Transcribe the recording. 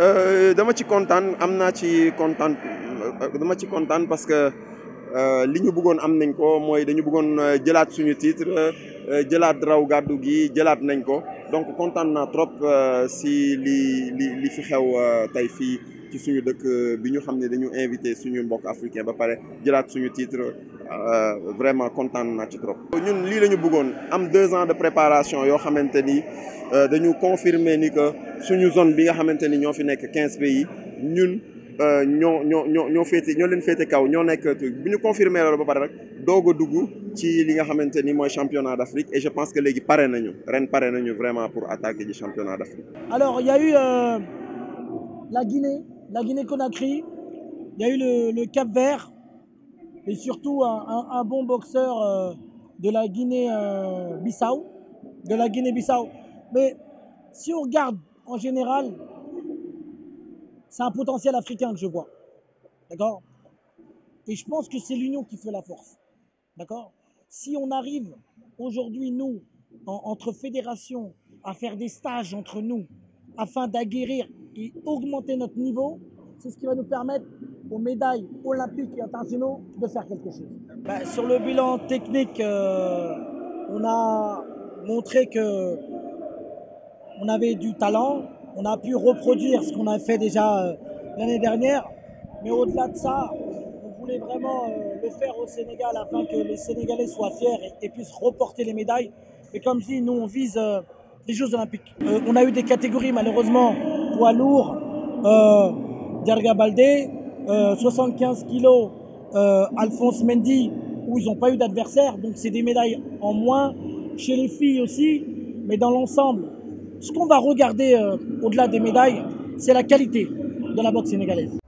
Euh, dama ci kontaan am naa ci kontaan dama ci kontaan parce que euh, li ñu bëggoon am nañ ko mooy dañu bëggoon euh, jëlaat suñu titre jëlaat raw gàddu gi jëlaat nañ ko donc kontaan naa trop si li li li fi xew tey fii ci suñu dëkk bi ñu xam ne dañu invité suñu mbokk africain ba pare jëlaat suñu tiitre Euh, vraiment content na ci trop. ñun nous deux ans de préparation yo euh, confirmer ni que suñu zone bi pays ñun nous euh, ño ño fété ño leen kaw Nous confirmer nous ba rek nous ci li nga nous championnat d'Afrique et je pense que nous paré nañu ren paré nañu vraiment pour attaquer du championnat d'Afrique. alors il y a eu la Guinée la Guinée Conakry il y a eu le, le Cap-Vert et surtout un, bon boxeur euh, de la Guinée-Bissau. Euh, de la Guinée-Bissau. Mais si on regarde en général, c'est un potentiel africain que je vois. D'accord Et je pense que c'est l'union qui fait la force. D'accord Si on arrive aujourd'hui, nous, entre fédérations, à faire des stages entre nous, afin d'aguerrir et augmenter notre niveau, c'est ce qui va nous permettre aux médailles olympiques et internationaux de faire quelque chose. Bah, sur le bilan technique, euh, on a montré que on avait du talent, on a pu reproduire ce qu'on a fait déjà euh, l'année dernière, mais au-delà de ça, on voulait vraiment euh, le faire au Sénégal afin que les Sénégalais soient fiers et, puissent reporter les médailles. Et comme je dis, nous on vise les Jeux Olympiques. on a eu des catégories malheureusement poids lourd, Derga Baldé, 75 euh, kg, euh, Alphonse Mendy, où ils n'ont pas eu d'adversaire, donc c'est des médailles en moins. Chez les filles aussi, mais dans l'ensemble, ce qu'on va regarder euh, au-delà des médailles, c'est la qualité de la boxe sénégalaise.